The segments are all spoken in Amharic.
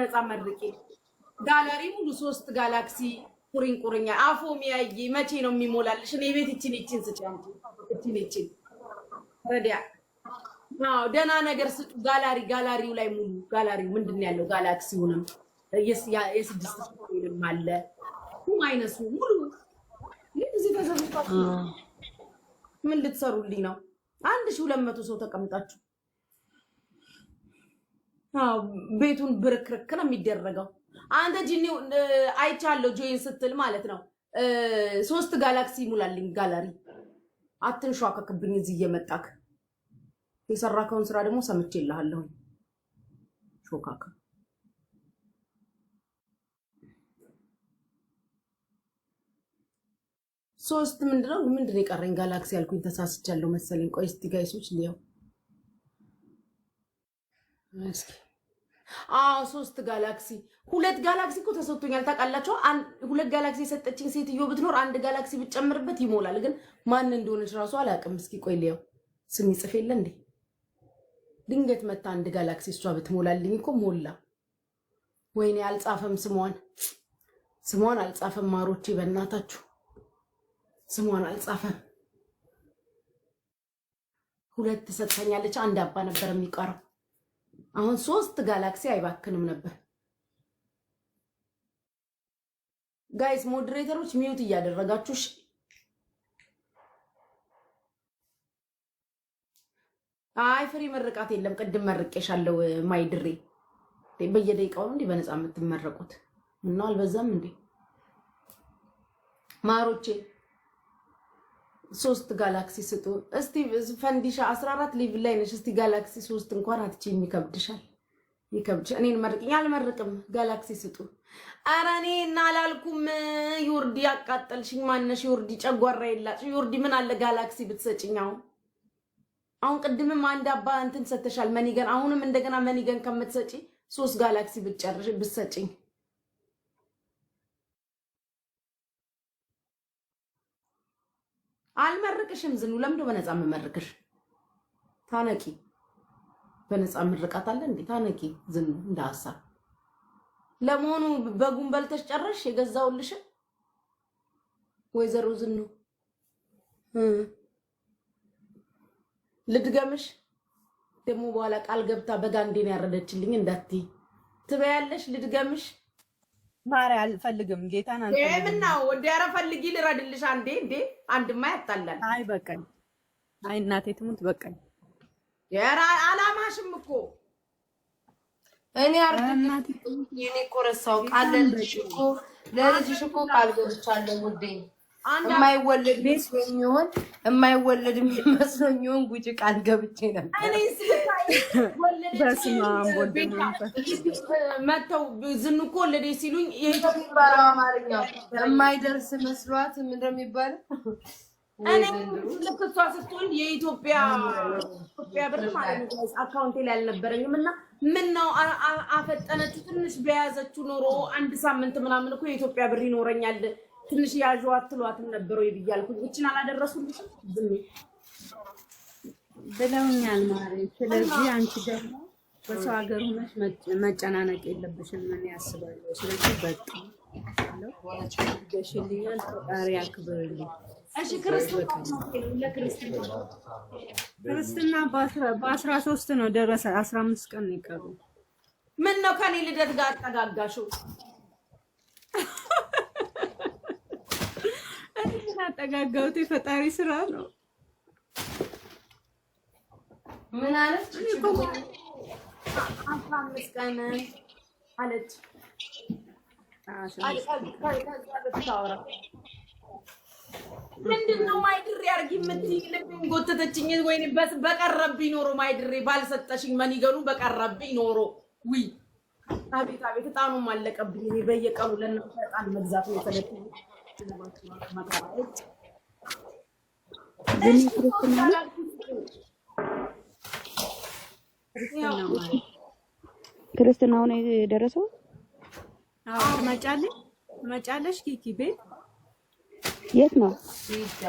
ነፃ መድርቄ ጋላሪ ሙሉ ሶስት ጋላክሲ ቁሪን ቁርኛ አፎ ሚያይ መቼ ነው የሚሞላልሽ? እኔ ቤት እችን እችን ስጫንቱ እችን እችን ረዲያ አዎ ደህና ነገር ስጡ። ጋላሪ ጋላሪው ላይ ሙሉ ጋላሪው ምንድን ነው ያለው? ጋላክሲውንም የስድስት ቁሪንም አለ ሙሉ እዚህ ምን ልትሰሩልኝ ነው? አንድ ሺህ ሁለት መቶ ሰው ተቀምጣችሁ ቤቱን ብርክርክ ነው የሚደረገው። አንተ ጂኒ አይቻለሁ ጆይን ስትል ማለት ነው። ሶስት ጋላክሲ ይሙላልኝ ጋላሪ። አትንሿከክብኝ እዚህ እየመጣክ የሰራከውን ስራ ደግሞ ይልሃለሁ። ሾካካ ሶስት ምንድነው? ምንድን የቀረኝ ጋላክሲ ያልኩኝ ተሳስቻለሁ መሰለኝ። ቆይ እስቲ ጋይሶች ሊያው አዎ ሶስት ጋላክሲ ሁለት ጋላክሲ እኮ ተሰጥቶኛል። ታውቃላችሁ፣ ሁለት ጋላክሲ የሰጠችኝ ሴትዮ ብትኖር አንድ ጋላክሲ ብትጨምርበት ይሞላል። ግን ማን እንደሆነች እራሱ አላውቅም። እስኪ ቆይ ልየው። ስም ይጽፍ የለ እንዴ? ድንገት መታ አንድ ጋላክሲ እሷ ብትሞላልኝ እኮ ሞላ። ወይኔ አልጻፈም፣ ስሟን ስሟን አልጻፈም። ማሮቼ በእናታችሁ ስሟን አልጻፈም። ሁለት ሰጥተኛለች። አንድ አባ ነበር የሚቀረው። አሁን ሶስት ጋላክሲ አይባክንም ነበር። ጋይስ ሞዴሬተሮች ሚዩት እያደረጋችሁ አይ ፍሪ መርቃት የለም። ቅድም መርቄሻለሁ። ማይድሬ በየደቂቃው ነው እንዴ በነፃ የምትመረቁት? እና አልበዛም እንዴ ማሮቼ? ሶስት ጋላክሲ ስጡ እስቲ ፈንዲሻ አስራ አራት ሌቭል ላይ ነሽ። እስቲ ጋላክሲ ሶስት እንኳን አትችይም፣ ይከብድሻል። ይከብድሽ እኔን መርቅኝ አልመርቅም። ጋላክሲ ስጡ። ኧረ እኔ እና አላልኩም። ዩርዲ ያቃጠልሽኝ ማነሽ? ዩርዲ ጨጓራ የላጭ ዩርዲ፣ ምን አለ ጋላክሲ ብትሰጭኛው። አሁን ቅድምም አንድ አባ እንትን ሰተሻል መኒገን። አሁንም እንደገና መኒገን ከምትሰጪ ሶስት ጋላክሲ ብትጨርሽ ብትሰጭኝ አልመርቅሽም። ዝኑ ለምዶ በነፃ መመርቅሽ ታነቂ። በነፃ ምርቃት አለ እንዴ? ታነቂ ዝኑ እንደ ሀሳብ ለመሆኑ በጉን በልተሽ ጨረሽ? የገዛውልሽን ወይዘሮ ዝኑ ልድገምሽ። ደግሞ በኋላ ቃል ገብታ በጋንዴን ያረደችልኝ እንዳትይ ትበያለሽ። ልድገምሽ ማሪ አልፈልግም ጌታን አልፈልግም። ወደ ኧረ ፈልጊ ልረድልሽ። አንዴ እንዴ አንድማ ያጣላል። አይ በቃኝ፣ አይ እናቴ ትሙት በቃኝ። ኧረ አላማሽም እኮ እኔ አርግ እኔ እኮ ረሳው ቃል ለልጅሽ እኮ ለልጅሽ እኮ ቃል ገብቻለሁ ውዴ የማይወለድ የሚሆን የማይወለድ ጉጭ ቃል ገብቼ ነበር። መተው እኮ ወለደች ሲሉኝ የማይደርስ መስሏት ምንድን ነው የሚባለው? ልክ እሷ ስትሆን የኢትዮጵያ ብር ማለት አካውንቴ ላይ አልነበረኝም። እና ምን ነው አፈጠነችው ትንሽ በያዘችው ኖሮ አንድ ሳምንት ምናምን እኮ የኢትዮጵያ ብር ይኖረኛል ትንሽ ያዥ አትሏትም ነበር ወይ ብያልኩኝ። እችን አላደረሱልሽም ዝም ብለውኛል ማለት። ስለዚህ አንቺ ደግሞ በሰው ሀገር ሆነሽ መጨናነቅ የለብሽም። ምን ያስባለሁ። ስለዚህ በቃ ገሽልኛል። ፈጣሪ ያክብርልኝ። ክርስትና በአስራ ሶስት ነው ደረሰ። አስራ አምስት ቀን ነው የቀሩ። ምን ነው ከኔ ልደት ጋር አጠጋጋሽው? ያጠጋጋሁት የፈጣሪ ስራ ነው። ምን አለች? አስራ አምስት ቀን አለች። ምንድን ነው ማይድሬ አድርጊ የምትይኝ? ልቤን ጎተተችኝ። ወይኔ በስ በቀረብኝ ኖሮ ማይድሬ ባልሰጠሽኝ መኒገኑ በቀረብኝ ኖሮ ውይ፣ አቤት አቤት፣ እጣኑም አለቀብኝ። በየቀኑ ለእናንተ እጣን መግዛት ነው የተለብኝ። ክርስትናው ነው የደረሰው። መጫለሽ ኪኪ ቤት የት ነው? የት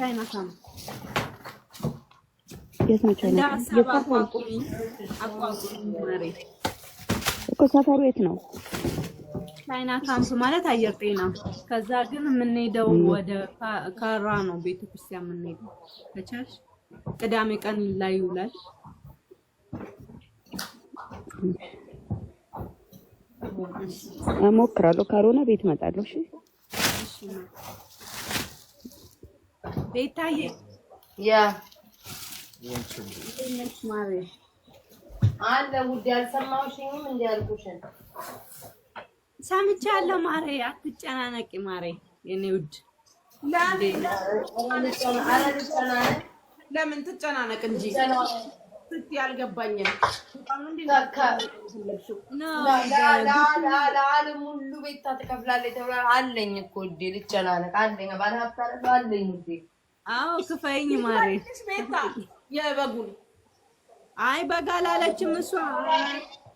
ነው? ሰፈሩ የት ነው? ቻይና ካምፕ ማለት አየር ጤና። ከዛ ግን የምንሄደው ወደ ካራ ነው፣ ቤተ ቤተክርስቲያን የምንሄደው ከቻልሽ ቅዳሜ ቀን ላይ ይውላል። እሞክራለሁ። ካልሆነ ቤት እመጣለሁ። እሺ ቤታዬ። ያ አለ ውድ ያልሰማሁሽም እንዲያልኩሽን ሰምቻለሁ ማሬ፣ አትጨናነቂ ማሬ፣ የኔ ውድ። ለምን ትጨናነቅ እንጂ ስት ያልገባኛል። ለዓለም ሁሉ ቤታ ትከፍላለች ተብላ አለኝ እኮ ውዴ፣ ልጨናነቅ አለኝ። ባለሀብት አለኝ ውዴ። አዎ ክፈይኝ ማሬ፣ ቤታ የበጉን። አይ በግ አላለችም እሷ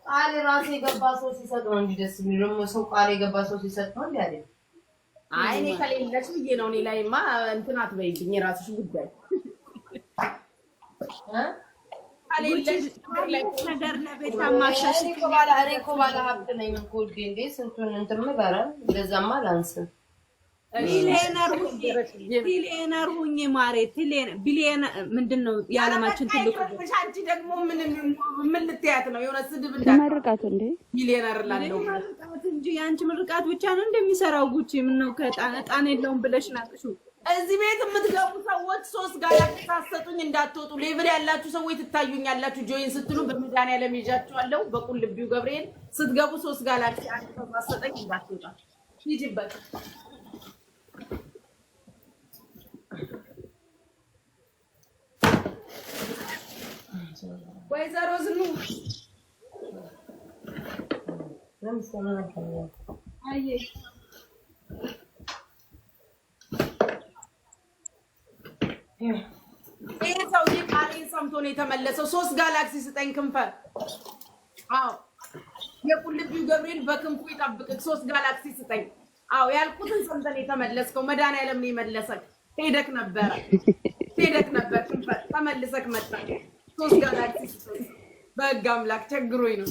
ቃል ራሱ የገባ ሰው ሲሰጥ ነው እንጂ ደስ የሚለው ሰው ቃል የገባ ሰው ሲሰጥ ነው እንጂ አይደል? አይ እኔ ከሌለሽ ብዬሽ ነው። እኔ ላይማ እንትን አትበይብኝ፣ የራስሽ ጉዳይ። ነገር ለቤት እኔ እኮ ባለ ሀብት ነኝ እኮ ውዴ። እንዴ ስንቱን እንትን ምገረን እንደዛማ ላንስም ቢሊየነር ቢሊየነር ሁኝ ማሬ ቢሊየነ ምንድን ነው የዓለማችን ትልቁ አንቺ ደግሞ ምን ምን ልትያት ነው? የሆነ ስድብ እንዳትመርቃት እንደ ቢሊየነር ላለው እንጂ የአንቺ ምርቃት ብቻ ነው እንደሚሰራው ጉቺ ምነው ከእጣን የለውም ብለሽ ናቅሽው። እዚህ ቤት የምትገቡ ሰዎች ሶስት ጋር ያተሳሰጡኝ እንዳትወጡ። ሌብል ያላችሁ ሰዎች ትታዩኛላችሁ። ጆይን ስትሉ በመድኃኒዓለም ይዣችኋለሁ። በቁልቢው ገብርኤል ስትገቡ ሶስት ጋር ያተሳሰጠኝ እንዳትወጣ ሂጂበት ወይዘሮ ዝኑ ይህ ሰውዬ ቃሌን ሰምቶ ነው የተመለሰው። ሶስት ጋላክሲ ስጠኝ ክንፈር። አዎ የቁልቢው ገብርኤል በክንፉ ይጠብቅህ። ሶስት ጋላክሲ ስጠኝ አዎ ያልኩትን ሰምተን የተመለስከው መድኃኒዓለም ነው የመለሰክ። ሄደክ ነበረ ሄደክ ነበር ተመልሰክ መጣ። ሶስት ጋላክሲ በህግ አምላክ ቸግሮኝ ነው።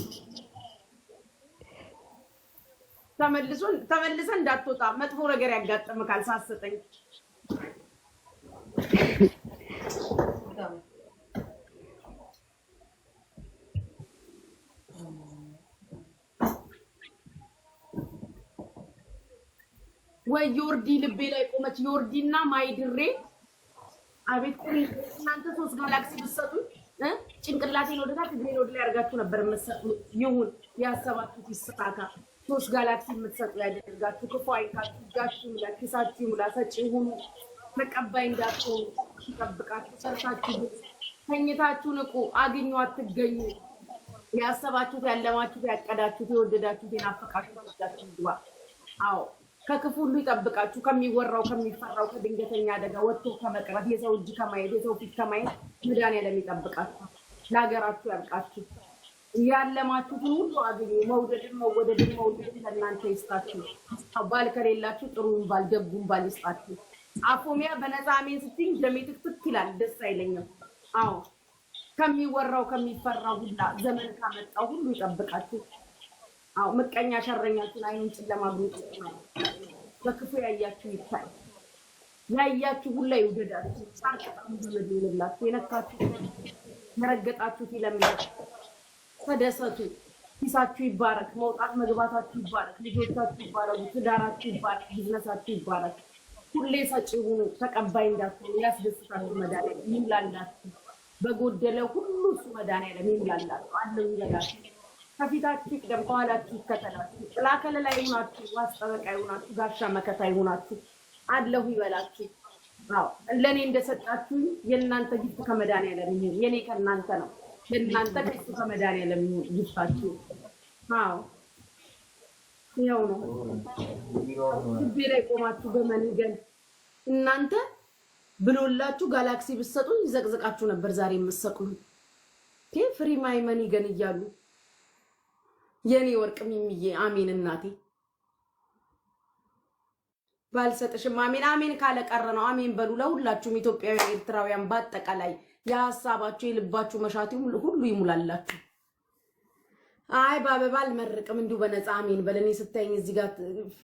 ተመልሰ እንዳትወጣ መጥፎ ነገር ያጋጥምካል። ሳሰጠኝ ወይ ዮርዲ ልቤ ላይ ቆመች። ዮርዲና ማይድሬ አቤት ቁሪ። እናንተ ሶስት ጋላክሲ ብትሰጡ ጭንቅላቴን ወደ ታች እግሬን ወደ ላይ አድርጋችሁ ነበር የምትሰጡ። ይሁን ያሰባችሁት ይሳካ። ሶስት ጋላክሲ የምትሰጡ ያደርጋችሁ። ክፉ አይንካችሁ፣ እጃችሁ ይሙላ፣ ኪሳችሁ ይሙላ። ሰጪ ሁኑ፣ ተቀባይ እንዳትሆኑ ይጠብቃችሁ። ሰርታችሁ ተኝታችሁ ንቁ፣ አግኙ፣ አትገኙ። ያሰባችሁት ያለማችሁት፣ ያቀዳችሁት፣ የወደዳችሁት የናፈቃችሁት ይዛችሁ ይግባ። አዎ ከክፉ ሁሉ ይጠብቃችሁ። ከሚወራው ከሚፈራው ከድንገተኛ አደጋ ወጥቶ ከመቅረት የሰው እጅ ከማየት የሰው ፊት ከማየት መድኃኒዓለም ይጠብቃችሁ። ለሀገራችሁ ያብቃችሁ። ያለማችሁትን ሁሉ አግኙ። መውደድን፣ መወደድን፣ መውደድን ለእናንተ ይስጣችሁ። ባል ከሌላችሁ ጥሩን ባል፣ ደጉን ባል ይስጣችሁ። አፎሚያ በነፃ አሜን ስትኝ ደሜ ትክትክ ይላል። ደስ አይለኝም። አዎ ከሚወራው ከሚፈራው ሁላ ዘመን ካመጣው ሁሉ ይጠብቃችሁ። አዎ ምቀኛ ሸረኛችን አይኑን ጨለማ ብሩት በክፉ ያያችሁ ይታይ ያያችሁ ሁላ ይውደዳችሁ። ሳርቅ ጣም ዘመድ ይሆንላችሁ። የነካችሁ የረገጣችሁት ይለምላችሁ፣ ተደሰቱ። ኪሳችሁ ይባረክ። መውጣት መግባታችሁ ይባረክ። ልጆቻችሁ ይባረኩ። ትዳራችሁ ይባረክ። ቢዝነሳችሁ ይባረክ። ሁሌ ሰጪ ሁኑ። ተቀባይ እንዳትሆኑ ያስደስታችሁ። መድኃኒዓለም ይሙላላችሁ። በጎደለ ሁሉ እሱ መድኃኒዓለም ይሙላላችሁ። አለው ይለላችሁ ከፊታችሁ ይቅደም፣ ከኋላችሁ ይከተላችሁ፣ ጥላ ከለላ ይሁናችሁ፣ ዋስ ጠበቃ ይሁናችሁ፣ ጋሻ መከታ ይሁናችሁ፣ አለሁ ይበላችሁ። ለእኔ እንደሰጣችሁ የእናንተ ጊፍት ከመድኃኒዓለም ይሁን፣ የእኔ ከእናንተ ነው። የእናንተ ከሱ ከመድኃኒዓለም ይሁን ጊፍታችሁ። አዎ ይኸው ነው። ልቤ ላይ ቆማችሁ በመንገድ እናንተ ብሎላችሁ ጋላክሲ ብትሰጡኝ ይዘቅዘቃችሁ ነበር። ዛሬ የምትሰቅሉኝ ፍሪ ማይ መኒገን እያሉ የኔ ወርቅ ሚሚዬ አሜን እናቴ ባልሰጥሽም አሜን አሜን ካለቀረ ነው። አሜን በሉ ለሁላችሁም ኢትዮጵያውያን፣ ኤርትራውያን በአጠቃላይ የሀሳባችሁ የልባችሁ መሻት ሁሉ ይሙላላችሁ። አይ በአበባ አልመርቅም እንዲሁ በነፃ አሜን በለኔ ስታይኝ እዚህ ጋር